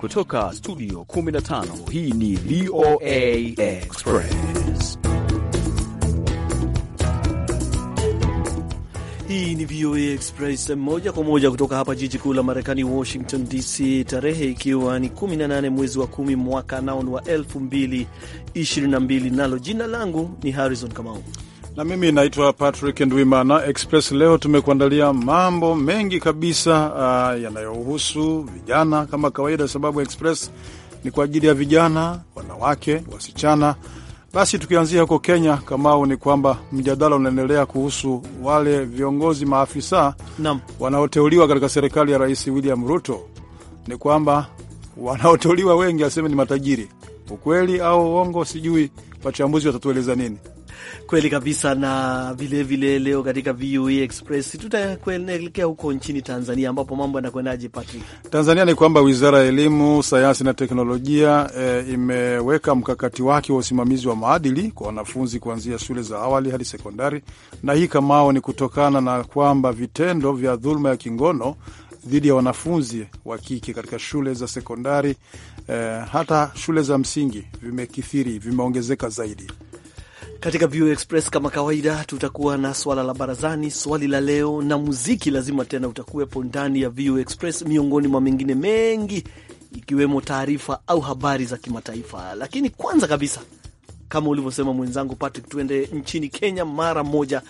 Kutoka studio 15 hii ni VOA Express. Hii ni VOA Express moja kwa moja kutoka hapa jiji kuu la Marekani, Washington DC, tarehe ikiwa ni 18 mwezi wa 10 mwaka nao ni wa 2022, nalo jina langu ni Harrison Kamau na mimi naitwa Patrick Ndwimana. Express leo tumekuandalia mambo mengi kabisa uh, yanayohusu vijana kama kawaida, sababu Express ni kwa ajili ya vijana, wanawake, wasichana. Basi tukianzia huko Kenya, Kamau, ni kwamba mjadala unaendelea kuhusu wale viongozi maafisa wanaoteuliwa katika serikali ya Rais William Ruto. Ni kwamba wanaoteuliwa wengi aseme ni matajiri, ukweli au uongo sijui, wachambuzi watatueleza nini. Kweli kabisa. Na vilevile leo katika VOA Express tutakuelekea huko nchini Tanzania, ambapo mambo yanakwendaje, Patrick? Tanzania ni kwamba wizara ya elimu, sayansi na teknolojia e, imeweka mkakati wake wa usimamizi wa maadili kwa wanafunzi kuanzia shule za awali hadi sekondari, na hii kamao ni kutokana na kwamba vitendo vya dhuluma ya kingono dhidi ya wanafunzi wa kike katika shule za sekondari eh, hata shule za msingi vimekithiri, vimeongezeka zaidi. Katika View Express kama kawaida, tutakuwa na swala la barazani, swali la leo na muziki lazima tena utakuwepo ndani ya View Express, miongoni mwa mengine mengi, ikiwemo taarifa au habari za kimataifa. Lakini kwanza kabisa kama ulivyosema mwenzangu Patrick, tuende nchini Kenya mara moja,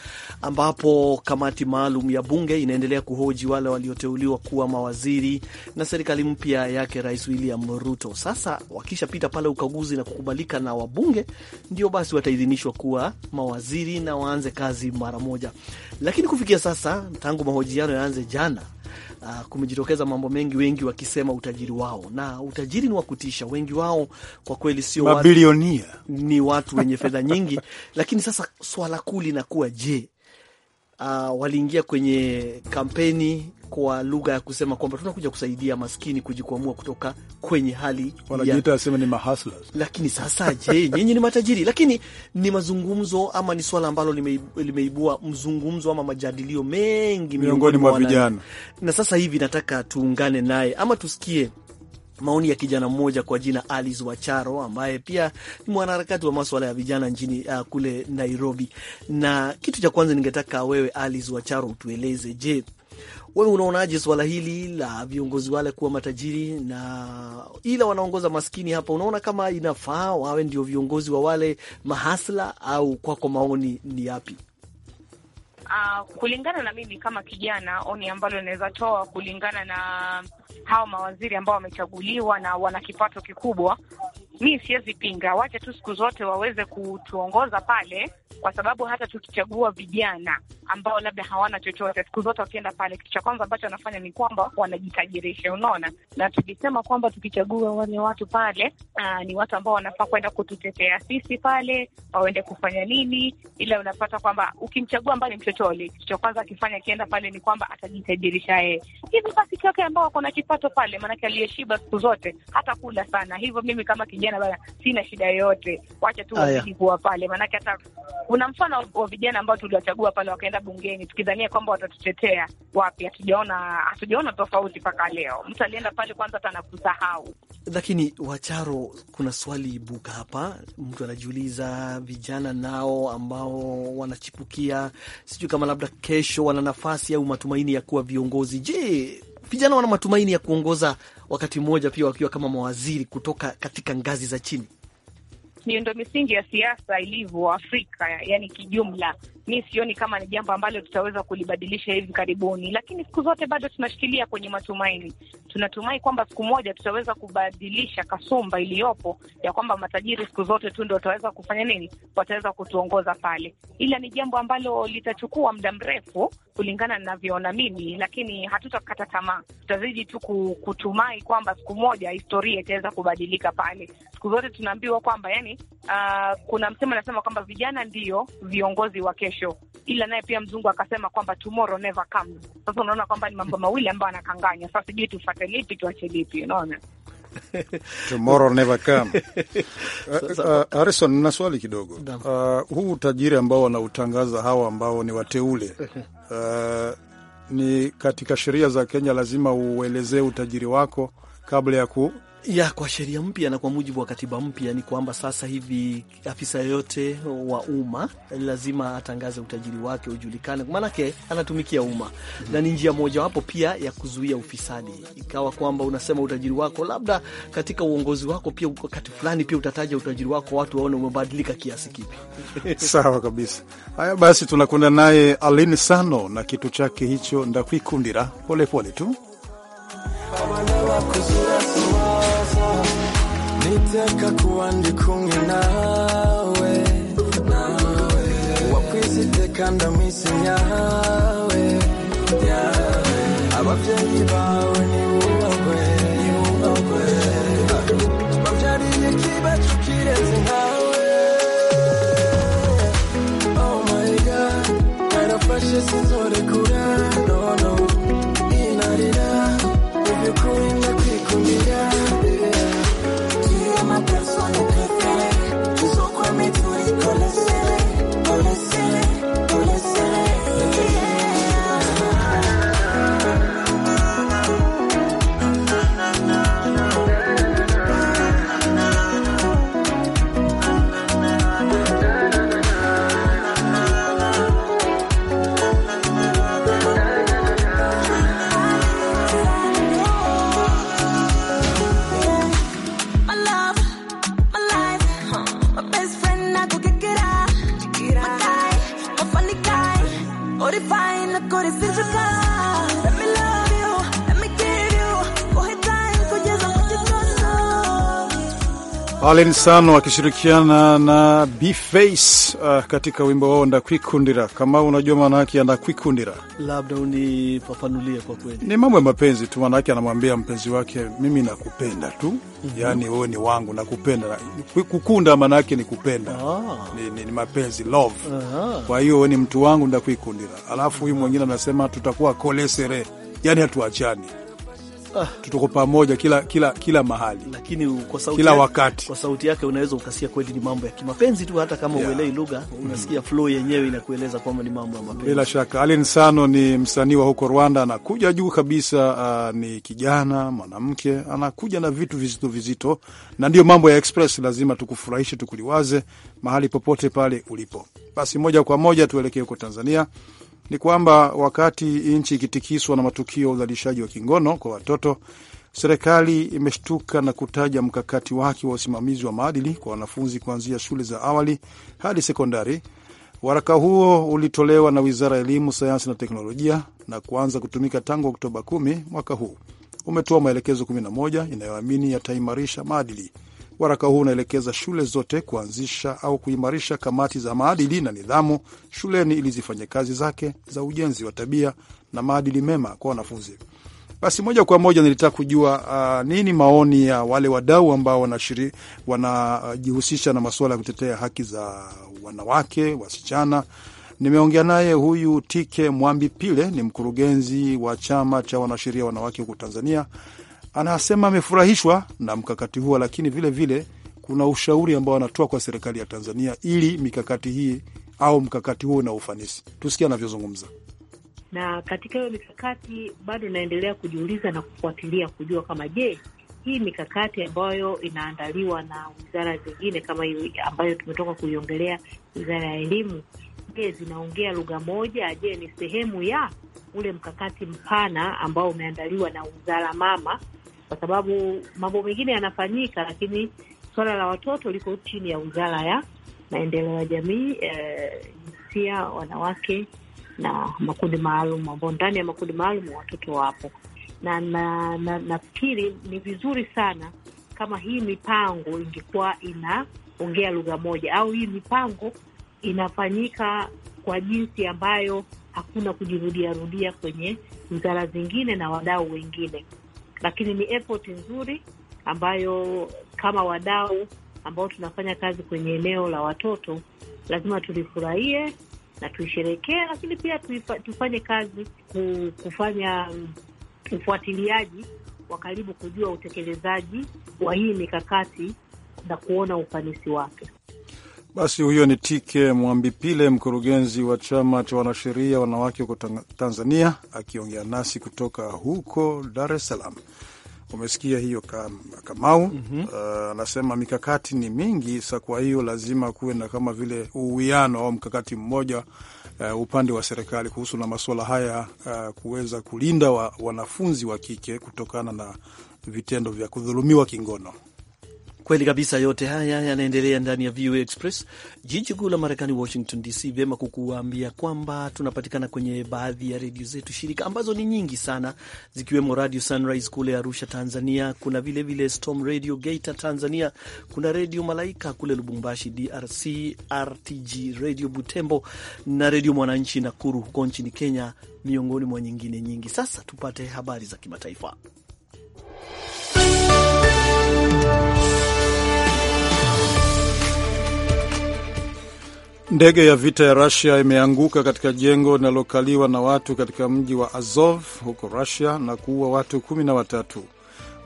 ambapo kamati maalum ya bunge inaendelea kuhoji wale walioteuliwa kuwa mawaziri na serikali mpya yake Rais William Ruto. Sasa wakishapita pale ukaguzi na kukubalika na wabunge, ndio basi wataidhinishwa kuwa mawaziri na waanze kazi mara moja. Lakini kufikia sasa, tangu mahojiano yaanze jana uh, kumejitokeza mambo mengi, wengi wakisema utajiri wao, na utajiri ni wa kutisha. Wengi wao kwa kweli sio mabilionia, ni watu wenye fedha nyingi, lakini sasa swala kuu linakuwa je, uh, waliingia kwenye kampeni kwa lugha ya kusema kwamba tunakuja kusaidia maskini kujikwamua kutoka kwenye hali wanajiita sema ni Lakini sasa je, nyinyi ni matajiri? Lakini ni mazungumzo ama ni swala ambalo limeibua mzungumzo ama majadilio mengi miongoni mwa vijana, na sasa hivi nataka tuungane naye ama tusikie maoni ya kijana mmoja kwa jina Alice Wacharo ambaye pia ni mwanaharakati wa maswala ya vijana nchini uh, kule Nairobi. Na kitu cha kwanza ningetaka wewe Alice Wacharo utueleze, je, wewe unaonaje swala hili la viongozi wale kuwa matajiri na ila wanaongoza maskini hapa? Unaona kama inafaa wawe ndio viongozi wa wale mahasla au kwako maoni ni yapi? Uh, kulingana na mimi kama kijana, oni ambalo inaweza toa kulingana na hao mawaziri ambao wamechaguliwa na wana kipato kikubwa, mi siwezi pinga, wacha tu siku zote waweze kutuongoza pale, kwa sababu hata tukichagua vijana ambao labda hawana chochote, siku zote wakienda pale, kitu cha kwanza ambacho wanafanya ni kwamba wanajitajirisha, unaona. Na tukisema kwamba tukichagua wale watu pale, aa, ah, ni watu ambao wanafaa kwenda kututetea sisi pale, waende kufanya nini, ila unapata kwamba ukimchagua ambaye ni mchochole, kitu cha kwanza akifanya akienda pale ni kwamba atajitajirisha yeye, hivyo basi chake ambao wako na kipato pale, maanake aliyeshiba siku zote hata kula sana. Hivyo mimi kama kijana vijana bana, sina shida yoyote, wacha tu wazidi kuwa pale, maanake hata kuna mfano wa vijana ambao tuliwachagua pale wakaenda bungeni tukidhania kwamba watatutetea. Wapi, hatujaona hatujaona tofauti mpaka leo. Mtu alienda pale kwanza hata anakusahau. Lakini Wacharo, kuna swali ibuka hapa, mtu anajiuliza, vijana nao ambao wanachipukia, sijui kama labda kesho wana nafasi au matumaini ya kuwa viongozi. Je, vijana wana matumaini ya kuongoza wakati mmoja pia wakiwa kama mawaziri kutoka katika ngazi za chini miundo misingi ya siasa ilivyo Afrika, yani kijumla, mi sioni kama ni jambo ambalo tutaweza kulibadilisha hivi karibuni, lakini siku zote bado tunashikilia kwenye matumaini. Tunatumai kwamba siku moja tutaweza kubadilisha kasumba iliyopo ya kwamba matajiri siku zote tu ndo wataweza kufanya nini, wataweza kutuongoza pale, ila ni jambo ambalo litachukua muda mrefu kulingana ninavyoona mimi, lakini hatutakata tamaa, tutazidi tu kutumai kwamba siku moja historia itaweza kubadilika pale. Siku zote tunaambiwa kwamba yani fulani uh, kuna msemo anasema kwamba vijana ndio viongozi wa kesho, ila naye pia mzungu akasema kwamba tomorrow never comes. Sasa unaona kwamba ni mambo mawili ambayo anakanganya. Sasa sijui tufate lipi tuache lipi, unaona. Tomorrow never come. Eh, eh, Harrison, nina swali kidogo. Uh, huu utajiri ambao wanautangaza hawa ambao ni wateule uh, ni katika sheria za Kenya lazima uelezee utajiri wako kabla ya ku ya kwa sheria mpya na kwa mujibu wa katiba mpya ni kwamba sasa hivi afisa yoyote wa umma lazima atangaze utajiri wake ujulikane, maanake anatumikia umma mm -hmm. na ni njia mojawapo pia ya kuzuia ufisadi, ikawa kwamba unasema utajiri wako, labda katika uongozi wako pia wakati fulani pia utataja utajiri wako, watu waone umebadilika kiasi kipi. Sawa kabisa. Haya basi, tunakwenda naye Alin Sano na kitu chake hicho ndakwikundira polepole tu iteka kuba kumwe nawe nawe wakwisi iteka ndamwisi nyawe nyawe ababyeyi bawe nibubahwe nibubahwe babyariye ikibacu kireze nawe. oh my god narafashe sinzorekura no alen sano akishirikiana na Bface uh, katika wimbo wao ndakwikundira. Kama unajua maana yake ndakwikundira, labda unifafanulie. Kwa kweli ni mambo ya mapenzi tu, maana yake anamwambia mpenzi wake, mimi nakupenda tu mm -hmm. Yani wewe ni wangu, nakupenda. Kukunda maana yake ni kupenda ah. Ni, ni, ni mapenzi love ah. Kwa hiyo wewe ni mtu wangu, ndakwikundira. Alafu huyu mwingine anasema tutakuwa kolesere, yani hatuachani tuko pamoja kila kila kila mahali, lakini kwa sauti kila wakati, kwa sauti yake unaweza ukasikia kweli ni mambo ya kimapenzi tu, hata kama uelewi yeah, lugha unasikia mm -hmm, flow yenyewe inakueleza kwamba ni mambo ya mapenzi. Bila shaka Alen Sano ni msanii wa huko Rwanda, anakuja juu kabisa. Uh, ni kijana mwanamke anakuja na vitu vizito vizito, na ndio mambo ya Express, lazima tukufurahishe, tukuliwaze mahali popote pale ulipo. Basi moja kwa moja tuelekee huko Tanzania ni kwamba wakati nchi ikitikiswa na matukio ya udhalilishaji wa kingono kwa watoto, serikali imeshtuka na kutaja mkakati wake wa usimamizi wa maadili kwa wanafunzi kuanzia shule za awali hadi sekondari. Waraka huo ulitolewa na Wizara ya Elimu, Sayansi na Teknolojia na kuanza kutumika tangu Oktoba 10 mwaka huu. Umetoa maelekezo 11 inayoamini yataimarisha maadili Waraka huu unaelekeza shule zote kuanzisha au kuimarisha kamati za maadili na nidhamu shuleni ili zifanye kazi zake za ujenzi wa tabia na maadili mema kwa wanafunzi. Basi moja kwa moja nilitaka kujua uh, nini maoni ya wale wadau ambao wanajihusisha uh, na masuala ya kutetea haki za wanawake, wasichana. Nimeongea naye huyu Tike Mwambi Pile, ni mkurugenzi wa chama cha wanasheria wanawake huku Tanzania anasema amefurahishwa na mkakati huo, lakini vilevile vile, kuna ushauri ambao anatoa kwa serikali ya Tanzania ili mikakati hii au mkakati huo na ufanisi. Tusikia anavyozungumza na katika hiyo mikakati bado naendelea kujiuliza na kufuatilia kujua kama je, hii mikakati ambayo inaandaliwa na wizara zingine kama hiyo ambayo tumetoka kuiongelea, wizara ya elimu, je, zinaongea lugha moja? Je, ni sehemu ya ule mkakati mpana ambao umeandaliwa na wizara mama kwa sababu mambo mengine yanafanyika, lakini swala la watoto liko chini ya wizara ya maendeleo ya jamii, eh, jinsia, e, wanawake na makundi maalum, ambao ndani ya makundi maalum watoto wapo, na nafikiri na, na ni vizuri sana kama hii mipango ingekuwa inaongea lugha moja au hii mipango inafanyika kwa jinsi ambayo hakuna kujirudiarudia kwenye wizara zingine na wadau wengine lakini ni effort nzuri ambayo kama wadau ambao tunafanya kazi kwenye eneo la watoto lazima tulifurahie na tuisherekee, lakini pia tufanye kazi kufanya ufuatiliaji wa karibu, kujua utekelezaji wa hii mikakati na kuona ufanisi wake. Basi huyo ni Tike Mwambipile, mkurugenzi wa chama cha wanasheria wanawake huko Tanzania, akiongea nasi kutoka huko Dar es Salaam. Umesikia hiyo Kamau mhm. uh, anasema mm -hmm. Uh, mikakati ni mingi sa, kwa hiyo lazima kuwe na kama vile uwiano au mkakati mmoja uh, upande wa serikali kuhusu na masuala haya uh, kuweza kulinda wa, wanafunzi wa kike kutokana na vitendo vya kudhulumiwa kingono. Kweli kabisa, yote haya yanaendelea ndani ya VOA Express, jiji kuu la Marekani, Washington DC. Vyema kukuambia kwamba tunapatikana kwenye baadhi ya redio zetu shirika ambazo ni nyingi sana, zikiwemo Radio Sunrise kule Arusha, Tanzania. Kuna vilevile vile Storm Radio Geita, Tanzania. Kuna Redio Malaika kule Lubumbashi, DRC, RTG Radio Butembo na Redio Mwananchi Nakuru huko nchini Kenya, miongoni mwa nyingine nyingi. Sasa tupate habari za kimataifa. Ndege ya vita ya Rusia imeanguka katika jengo linalokaliwa na watu katika mji wa Azov huko Rusia na kuua watu kumi na watatu.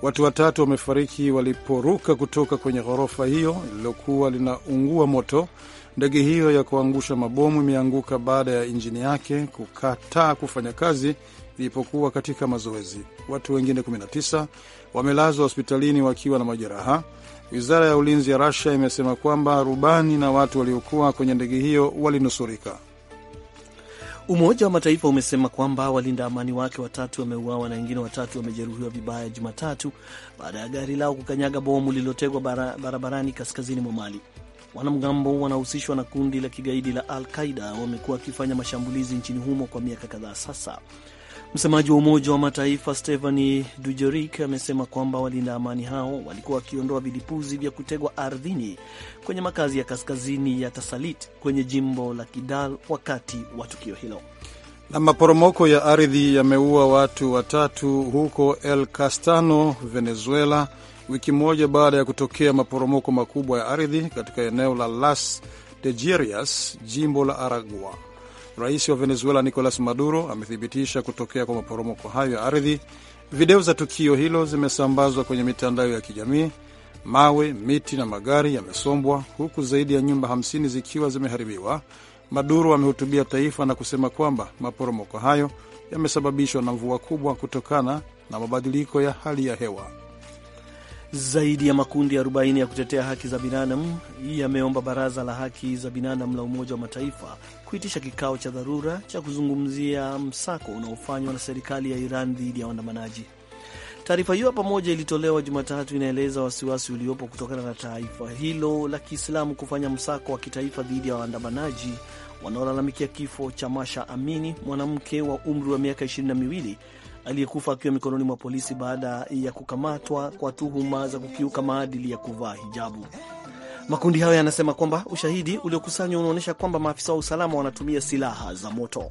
Watu watatu wamefariki waliporuka kutoka kwenye ghorofa hiyo lililokuwa linaungua moto. Ndege hiyo ya kuangusha mabomu imeanguka baada ya injini yake kukataa kufanya kazi ilipokuwa katika mazoezi. Watu wengine 19 wamelazwa hospitalini wakiwa na majeraha. Wizara ya ulinzi ya rasia imesema kwamba rubani na watu waliokuwa kwenye ndege hiyo walinusurika. Umoja wa Mataifa umesema kwamba walinda amani wake watatu wameuawa na wengine watatu wamejeruhiwa vibaya Jumatatu baada ya gari lao kukanyaga bomu lililotegwa barabarani kaskazini mwa Mali. Wanamgambo wanahusishwa na kundi la kigaidi la Al Qaida wamekuwa wakifanya mashambulizi nchini humo kwa miaka kadhaa sasa. Msemaji wa Umoja wa Mataifa stephani dujerik amesema kwamba walinda amani hao walikuwa wakiondoa vilipuzi vya kutegwa ardhini kwenye makazi ya kaskazini ya Tasalit kwenye jimbo la Kidal wakati wa tukio hilo. Na maporomoko ya ardhi yameua watu watatu huko El Castano, Venezuela, wiki moja baada ya kutokea maporomoko makubwa ya ardhi katika eneo la Las Tejerias, jimbo la Aragua. Rais wa Venezuela Nicolas Maduro amethibitisha kutokea kwa maporomoko hayo ya ardhi. Video za tukio hilo zimesambazwa kwenye mitandao ya kijamii. Mawe, miti na magari yamesombwa huku zaidi ya nyumba 50 zikiwa zimeharibiwa. Maduro amehutubia taifa na kusema kwamba maporomoko hayo yamesababishwa na mvua kubwa kutokana na mabadiliko ya hali ya hewa. Zaidi ya makundi 40 ya kutetea haki za binadamu yameomba Baraza la Haki za Binadamu la Umoja wa Mataifa kuitisha kikao cha dharura cha kuzungumzia msako unaofanywa na serikali ya Iran dhidi ya waandamanaji. Taarifa hiyo pamoja ilitolewa Jumatatu inaeleza wasiwasi uliopo kutokana na taifa hilo la Kiislamu kufanya msako wa kitaifa dhidi ya waandamanaji wanaolalamikia kifo cha Masha Amini, mwanamke wa umri wa miaka ishirini na miwili aliyekufa akiwa mikononi mwa polisi baada ya kukamatwa kwa tuhuma za kukiuka maadili ya kuvaa hijabu. Makundi hayo yanasema kwamba ushahidi uliokusanywa unaonyesha kwamba maafisa wa usalama wanatumia silaha za moto.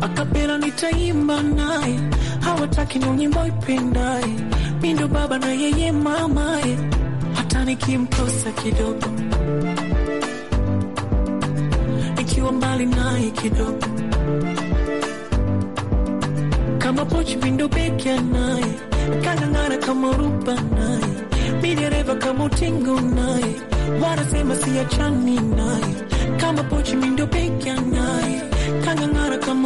akapela nitaimba naye hawataki ndo nyimbo ipendaye mi ndo baba na yeye mamaye hata nikimkosa kidogo nikiwa mbali naye kidogo kama pochi vindo beki naye kangangana kama rupa naye mi dereva kama utingo naye wanasema siachani naye kama pochi mindo peke yake naye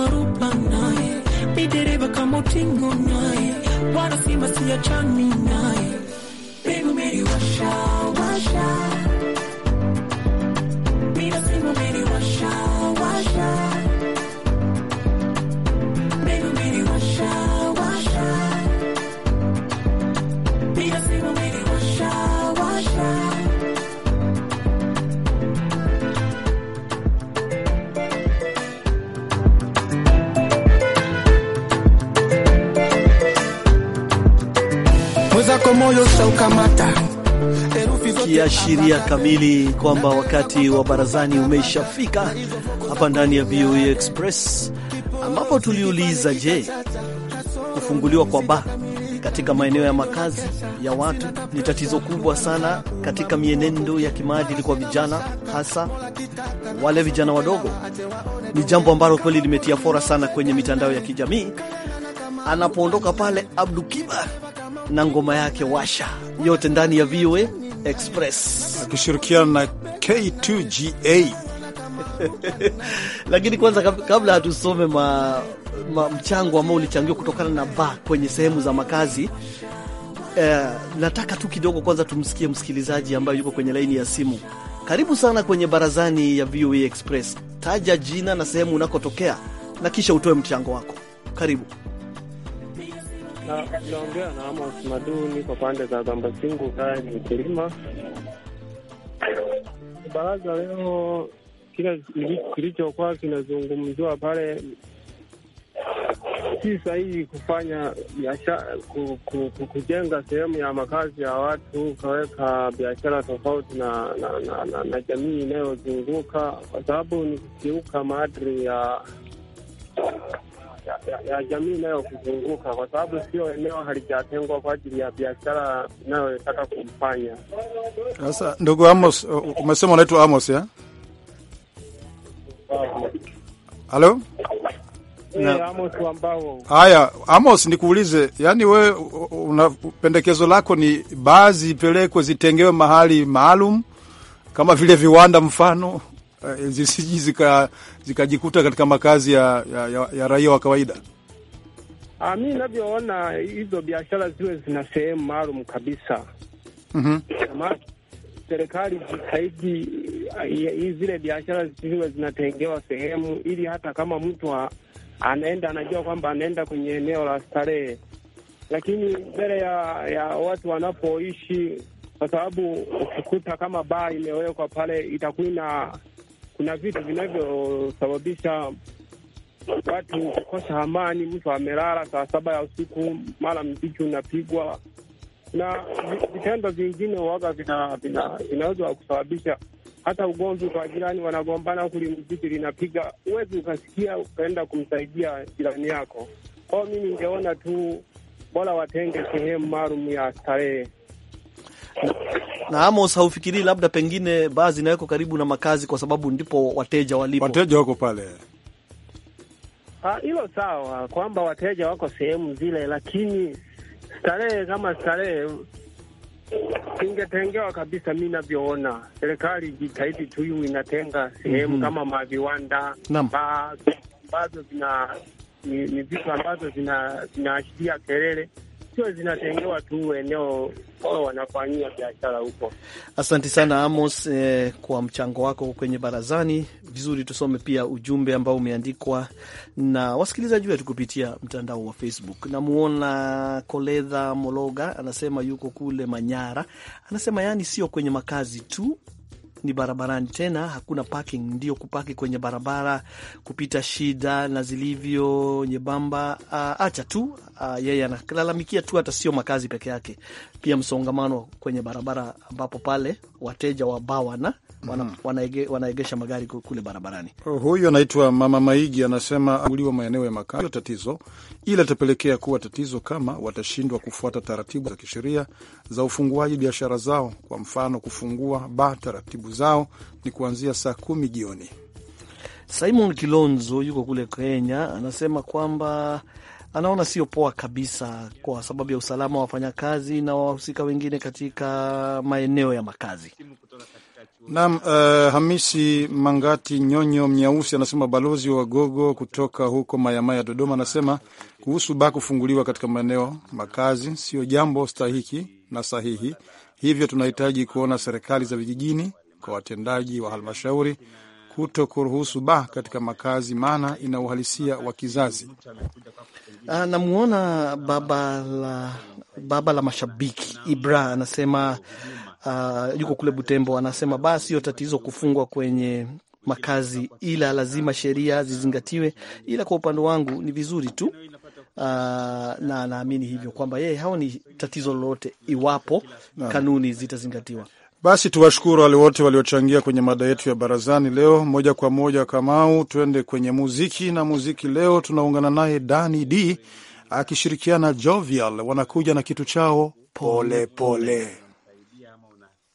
marupa naye, mi dereva kama utingo naye, wala simasiachani naye kiashiria kamili kwamba wakati wa barazani umeshafika hapa ndani ya VOA Express, ambapo tuliuliza, je, kufunguliwa kwa baa katika maeneo ya makazi ya watu ni tatizo kubwa sana katika mienendo ya kimaadili kwa vijana, hasa wale vijana wadogo. Ni jambo ambalo kweli limetia fora sana kwenye mitandao ya kijamii. Anapoondoka pale Abdu Kibar na ngoma yake Washa, yote ndani ya VOA Express akishirikiana na K2GA. Lakini kwanza kabla hatusome ma, ma, mchango ambao ulichangiwa kutokana na ba kwenye sehemu za makazi eh, nataka tu kidogo kwanza tumsikie msikilizaji ambaye yuko kwenye laini ya simu. Karibu sana kwenye barazani ya VOA Express. Taja jina na sehemu unakotokea na kisha utoe mchango wako. Karibu. Naongea na Amos Maduni kwa pande za Zambasingu, kaya ni Baraza leo kila kilichokuwa kinazungumziwa pale si sahihi kufanya biashara kujenga sehemu ya makazi ya watu ukaweka biashara tofauti na na, na, na, na jamii inayozunguka kwa sababu ni kukiuka maadili ya ya, ya jamii inayokuzunguka, kwa sababu sio eneo halijatengwa kwa ajili ya biashara inayotaka kumfanya. Sasa ndugu Amos, umesema unaitwa Amos ya halo? Haya, Amos, nikuulize, yani we una pendekezo lako ni basi pelekwe zitengewe mahali maalum kama vile viwanda mfano Eh, zisiji zikajikuta zika katika makazi ya, ya, ya, ya raia wa kawaida? Ah, mi ninavyoona hizo biashara ziwe zina sehemu maalum kabisa. mm -hmm. Serikali jitahidi ah, zile biashara ziwe zinatengewa sehemu, ili hata kama mtu anaenda anajua kwamba anaenda kwenye eneo la starehe, lakini mbele ya, ya watu wanapoishi, kwa sababu ukikuta kama baa imewekwa pale itakuwa kuna vitu vinavyosababisha watu kukosa amani. Mtu amelala saa saba ya usiku, mara mziki unapigwa na vitendo vingine waga vina, vina, vinaweza kusababisha hata ugomvi kwa jirani, wanagombana huku limziki linapiga, huwezi ukasikia ukaenda kumsaidia jirani yako. Kwao mimi ningeona tu bora watenge sehemu maalum ya starehe. Na Amos, haufikirii labda pengine baa zinaweko karibu na makazi kwa sababu ndipo wateja walipo, wateja wako pale? Ah, hilo sawa, kwamba wateja wako sehemu zile, lakini starehe kama starehe ingetengewa kabisa. Mi navyoona serikali ijitahidi tu hiyo inatenga sehemu mm -hmm. kama maviwanda baa ambazo zina ni vitu ambazo zinaashiria kelele sio zinatengewa tu eneo wao wanafanyia biashara huko. Asante sana Amos, eh, kwa mchango wako kwenye barazani. Vizuri, tusome pia ujumbe ambao umeandikwa na wasikilizaji wetu kupitia mtandao wa Facebook. Namuona Koledha Mologa anasema yuko kule Manyara, anasema yaani sio kwenye makazi tu ni barabarani tena, hakuna parking, ndio kupaki kwenye barabara kupita shida na zilivyo Uh, Acha tu ah, yeye analalamikia tu, hata sio makazi peke yake, pia msongamano kwenye barabara, ambapo pale wateja wa bawana wana, mm -hmm. wanaege, wanaegesha magari kule barabarani. Oh, huyu anaitwa Mama Maigi, anasema uliwa maeneo ya makazi tatizo, ila itapelekea kuwa tatizo kama watashindwa kufuata taratibu za kisheria za ufunguaji biashara zao. Kwa mfano, kufungua ba taratibu zao ni kuanzia saa kumi jioni. Simon Kilonzo yuko kule Kenya, anasema kwamba anaona sio poa kabisa kwa sababu ya usalama wa wafanyakazi na wahusika wengine katika maeneo ya makazi. Naam, uh, Hamisi Mangati Nyonyo Mnyausi anasema balozi wa Gogo kutoka huko Mayamaya, Dodoma, anasema kuhusu baa kufunguliwa katika maeneo makazi sio jambo stahiki na sahihi, hivyo tunahitaji kuona serikali za vijijini kwa watendaji wa halmashauri kuto kuruhusu ba katika makazi, maana ina uhalisia wa kizazi. Ah, namwona baba la, baba la mashabiki Ibra anasema uh, yuko kule Butembo, anasema basi sio tatizo kufungwa kwenye makazi, ila lazima sheria zizingatiwe. Ila kwa upande wangu ni vizuri tu Uh, na naamini hivyo kwamba yeye haoni tatizo lolote iwapo kanuni zitazingatiwa. Basi tuwashukuru wale wote waliochangia kwenye mada yetu ya barazani leo. Moja kwa moja, Kamau, tuende kwenye muziki na muziki leo tunaungana naye Dani D akishirikiana Jovial, wanakuja na kitu chao polepole pole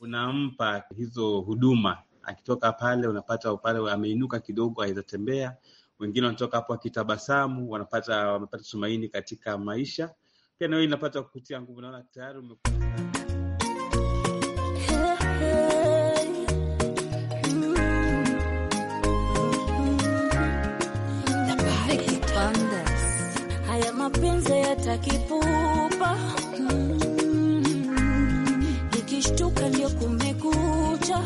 unampa hizo huduma. Akitoka pale unapata pale ameinuka kidogo, aweza tembea. Wengine wanatoka hapo akitabasamu wanapata wamepata tumaini katika maisha. Pia nawe inapata kutia nguvu, naona tayari umekuwa mapenzi yatakipupa kushtuka ndio kumekucha,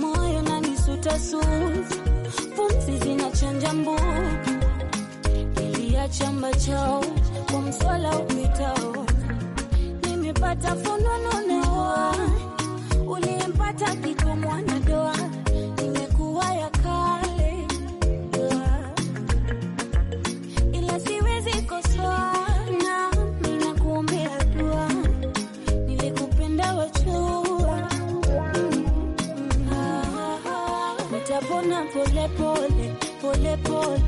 moyo nanisutasuta, pumzi zinachanja mbuka, ilia chamba chao kwa mswala uitao, nimepata fununu nawa uliempata kikomwana pole pole pole pole,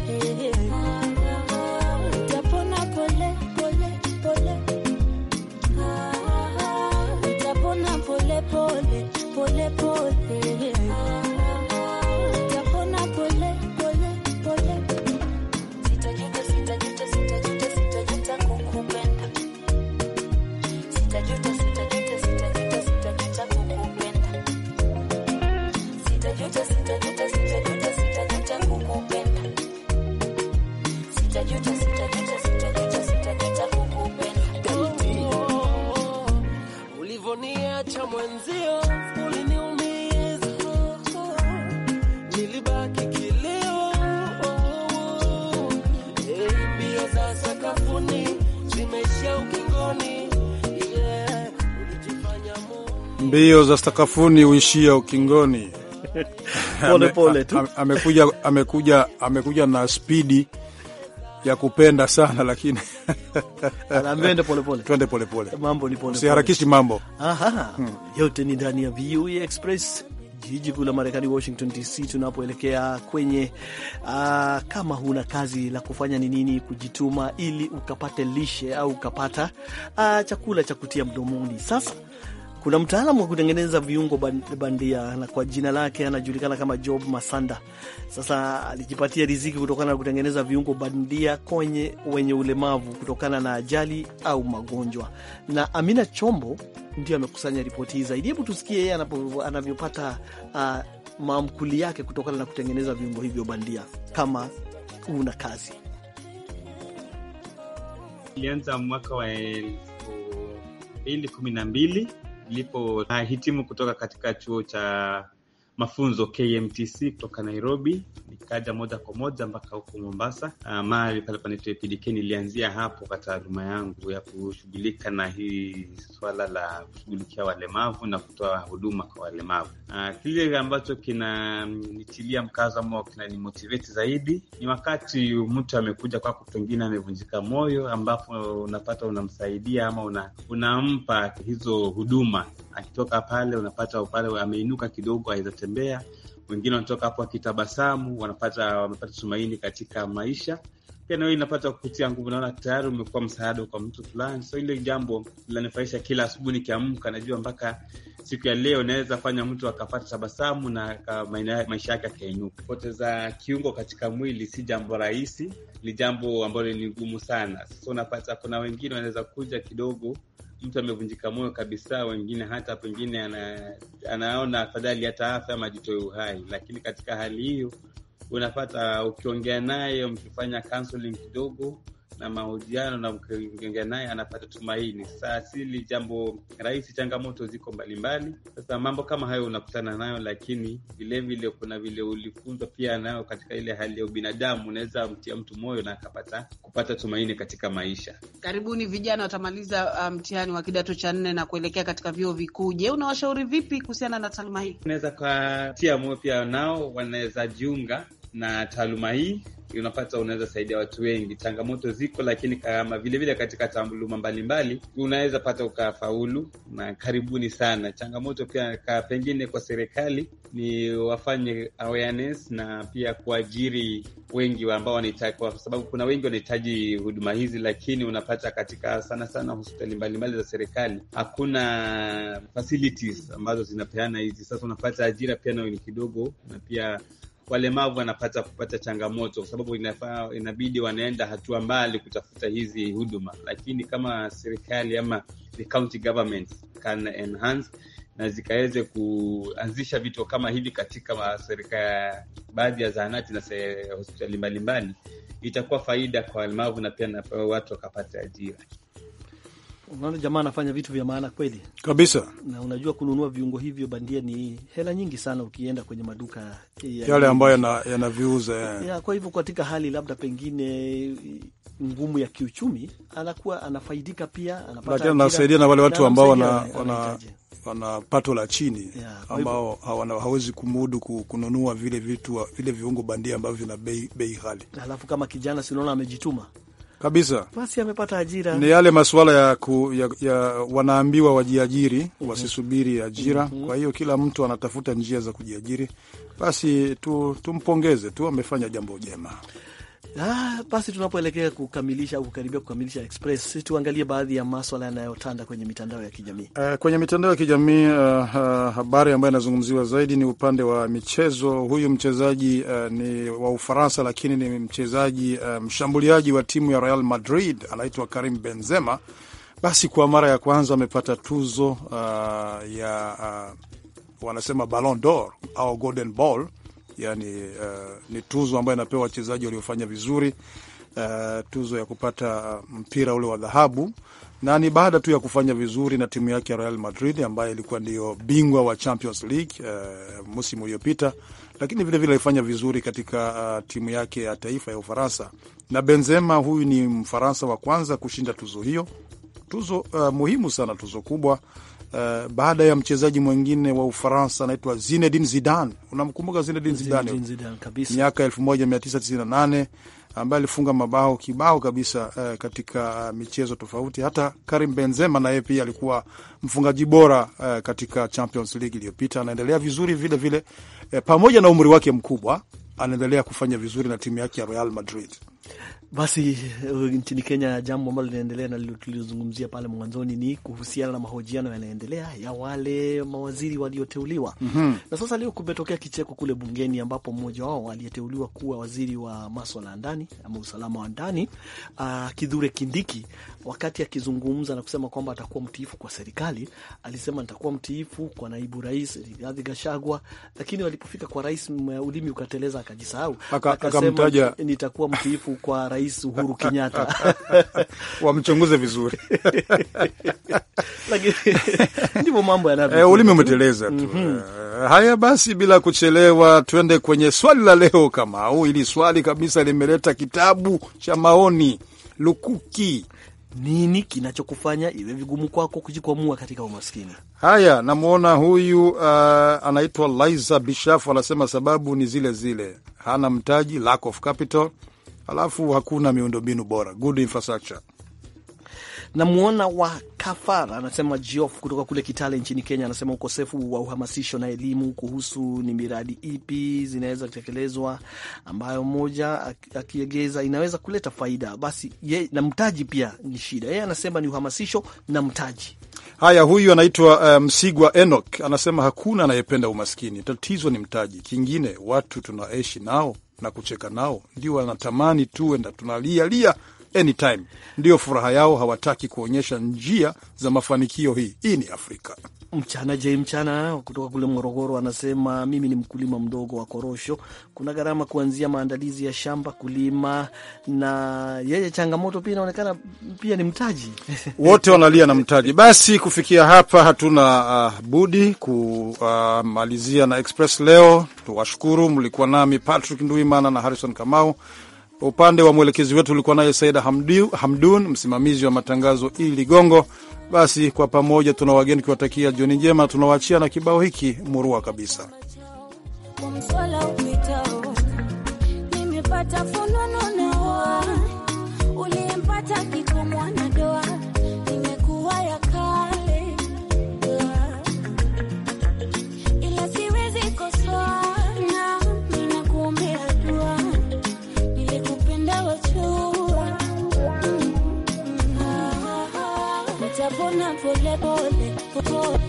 utapona pole pole pole, utapona pole pole pole pole. Mbio za sakafuni uishia ukingoni. Pole pole tu. Amekuja amekuja amekuja na spidi ya kupenda sana lakini anaambia pole pole, twende pole pole, mambo ni pole pole, siharakishi mambo. Aha, hmm. Yote ni ndani ya VOA Express jiji kuu la Marekani, Washington DC, tunapoelekea kwenye uh, kama huna kazi la kufanya ni nini, kujituma ili ukapate lishe au ukapata uh, chakula cha kutia mdomoni. Sasa kuna mtaalamu wa kutengeneza viungo bandia na kwa jina lake anajulikana kama Job Masanda. Sasa alijipatia riziki kutokana na kutengeneza viungo bandia kwenye wenye ulemavu kutokana na ajali au magonjwa, na Amina Chombo ndio amekusanya ripoti hii zaidi. Hebu tusikie yeye anavyopata uh, maamkuli yake kutokana na kutengeneza viungo hivyo bandia. Kama una kazi ilianza mwaka wa elfu mbili kumi na mbili nilipohitimu hitimu kutoka katika chuo cha mafunzo KMTC kutoka Nairobi, nikaja moja kwa moja mpaka huko Mombasa, ah, mahali pale panaitwa PDK. Nilianzia hapo kwa taaluma yangu ya kushughulika na hii swala la kushughulikia walemavu na kutoa huduma kwa walemavu. Ah, kile ambacho kinanitilia mkazo ama kinanimotiveti zaidi ni wakati mtu amekuja kwako, pengine amevunjika moyo, ambapo unapata unamsaidia ama una, unampa hizo huduma, akitoka pale unapata pale ameinuka kidogo aweza wanatembea, wengine wanatoka hapo wakitabasamu, wanapata wamepata tumaini katika maisha. Pia nawe inapata kukutia nguvu, naona tayari umekuwa msaada kwa mtu fulani. So ile jambo linanifurahisha kila asubuhi nikiamka, najua mpaka siku ya leo inaweza fanya mtu akapata tabasamu na maisha yake akainuka. Kupoteza kiungo katika mwili si jambo rahisi, ni jambo ambalo ni ngumu sana. So unapata kuna wengine wanaweza kuja kidogo mtu amevunjika moyo kabisa, wengine hata pengine ana, anaona afadhali hata afya ama ajitoe uhai. Lakini katika hali hiyo unapata ukiongea naye, mkifanya counseling kidogo, na mahojiano na ukiongea naye anapata tumaini. Saa sili jambo rahisi, changamoto ziko mbalimbali. Sasa mambo kama hayo unakutana nayo, lakini vilevile kuna vile ulifunzwa pia nayo katika ile hali ya ubinadamu, unaweza mtia mtu moyo na akapata kupata tumaini katika maisha. Karibuni vijana watamaliza uh, mtihani um, wa kidato cha nne na kuelekea katika vyuo vikuu. Je, unawashauri vipi kuhusiana na taaluma hii? Unaweza katia moyo pia nao wanaweza jiunga na taaluma hii unapata unaweza saidia watu wengi. Changamoto ziko, lakini kama vilevile katika taaluma mbalimbali unaweza pata ukafaulu, na karibuni sana. Changamoto pia ka pengine kwa serikali ni wafanye awareness na pia kuajiri wengi ambao wanahitaji, kwa sababu kuna wengi wanahitaji huduma hizi, lakini unapata katika sana sana hospitali mbalimbali za serikali hakuna facilities ambazo zinapeana hizi. Sasa unapata ajira pia nayo ni kidogo, na pia walemavu wanapata kupata changamoto, kwa sababu inafaa, inabidi wanaenda hatua mbali kutafuta hizi huduma, lakini kama serikali ama the county government can enhance na zikaweze kuanzisha vituo kama hivi katika baadhi ya zahanati na hospitali mbalimbali, itakuwa faida kwa walemavu na pia na watu wakapata ajira. Unaona, jamaa anafanya vitu vya maana kweli kabisa. Na unajua kununua viungo hivyo bandia ni hela nyingi sana, ukienda kwenye maduka ya yale ambayo yanaviuza ya ya. Kwa hivyo katika hali labda pengine ngumu ya kiuchumi, anakuwa anafaidika pia, anasaidia na wale watu ambao wana, wana wana pato la chini ambao hawezi kumudu kununua vile vitu vile viungo bandia ambavyo vina bei bei ghali. kama kijana sinaona amejituma kabisa, basi amepata ajira. Ni yale masuala ya, ku, ya, ya wanaambiwa wajiajiri, mm -hmm. wasisubiri ajira mm -hmm. Kwa hiyo kila mtu anatafuta njia za kujiajiri, basi tu, tumpongeze tu, amefanya jambo jema. Ah, basi tunapoelekea kukamilisha au kukaribia kukamilisha Express, tuangalie baadhi ya maswala yanayotanda kwenye mitandao ya kijamii. Uh, kwenye mitandao ya kijamii uh, uh, habari ambayo inazungumziwa zaidi ni upande wa michezo. Huyu mchezaji uh, ni wa Ufaransa lakini ni mchezaji uh, mshambuliaji wa timu ya Real Madrid anaitwa Karim Benzema. Basi kwa mara ya kwanza amepata tuzo uh, ya uh, wanasema Ballon d'Or au Golden Ball yani, uh, ni tuzo ambayo inapewa wachezaji waliofanya vizuri uh, tuzo ya kupata uh, mpira ule wa dhahabu na ni baada tu ya kufanya vizuri na timu yake ya Real Madrid ambayo ilikuwa ndio bingwa wa Champions League uh, msimu uliopita, lakini vilevile alifanya vile vizuri katika uh, timu yake ya taifa ya Ufaransa. Na Benzema huyu ni Mfaransa wa kwanza kushinda tuzo hiyo, tuzo uh, muhimu sana, tuzo kubwa Eh, baada ya mchezaji mwingine wa Ufaransa anaitwa Zinedine Zidane. Unamkumbuka Zinedine Zidane? Zidane kabisa. Miaka 1998 ambaye alifunga mabao kibao kabisa uh, katika michezo tofauti. Hata Karim Benzema naye pia alikuwa mfungaji bora uh, katika Champions League iliyopita. Anaendelea vizuri vile vile, uh, pamoja na umri wake mkubwa, anaendelea kufanya vizuri na timu yake ya Real Madrid. Basi uh, nchini Kenya, jambo ambalo linaendelea na tulizungumzia pale mwanzoni ni kuhusiana na mahojiano yanaendelea ya wale mawaziri walioteuliwa mm -hmm. Na sasa leo kumetokea kicheko kule bungeni, ambapo mmoja wao aliyeteuliwa kuwa waziri wa maswala ya ndani ama usalama wa ndani uh, Kidhure Kindiki, wakati akizungumza na kusema kwamba atakuwa mtiifu kwa serikali, alisema nitakuwa mtiifu kwa naibu rais Rigathi Gachagua, lakini walipofika kwa rais, ulimi ukateleza, akajisahau, akamtaja nitakuwa mtiifu kwa Rais Uhuru Kenyatta wamchunguze vizuri lakini ndivyo mambo yanavyo. Eh, ulimi umeteleza tu. mm -hmm. Haya basi, bila kuchelewa, twende kwenye swali la leo. Kama au hili swali kabisa limeleta kitabu cha maoni lukuki nini kinachokufanya iwe vigumu kwako kujikwamua katika umaskini? Haya, namwona huyu uh, anaitwa Liza Bishafu, anasema sababu ni zile zile, hana mtaji, lack of capital, alafu hakuna miundombinu bora, good infrastructure. Namwona wa Kafara anasema Jiof kutoka kule Kitale nchini Kenya, anasema ukosefu wa uhamasisho na elimu kuhusu ni miradi ipi zinaweza kutekelezwa, ambayo moja akiegeza inaweza kuleta faida, basi ye, na mtaji pia ni shida. Yeye anasema ni uhamasisho na mtaji. Haya, huyu anaitwa eh, Msigwa um, Enok anasema hakuna anayependa umaskini, tatizo ni mtaji. Kingine watu tunaishi nao na kucheka nao, ndio wanatamani tuwe na tunalialia anytime, ndio furaha yao, hawataki kuonyesha njia za mafanikio. Hii hii ni Afrika. Mchana je mchana kutoka kule Morogoro anasema mimi ni mkulima mdogo wa korosho. Kuna gharama kuanzia maandalizi ya shamba, kulima, na yeye changamoto pia inaonekana pia ni mtaji wote wanalia na mtaji. Basi kufikia hapa hatuna uh, budi kumalizia uh, na Express leo. Tuwashukuru mlikuwa nami Patrick Nduimana na Harrison Kamau. Kwa upande wa mwelekezi wetu ulikuwa naye Saida Hamdun, msimamizi wa matangazo ili Ligongo. Basi kwa pamoja tuna wageni kiwatakia jioni njema, tunawaachia na kibao hiki murua kabisa. polepole popote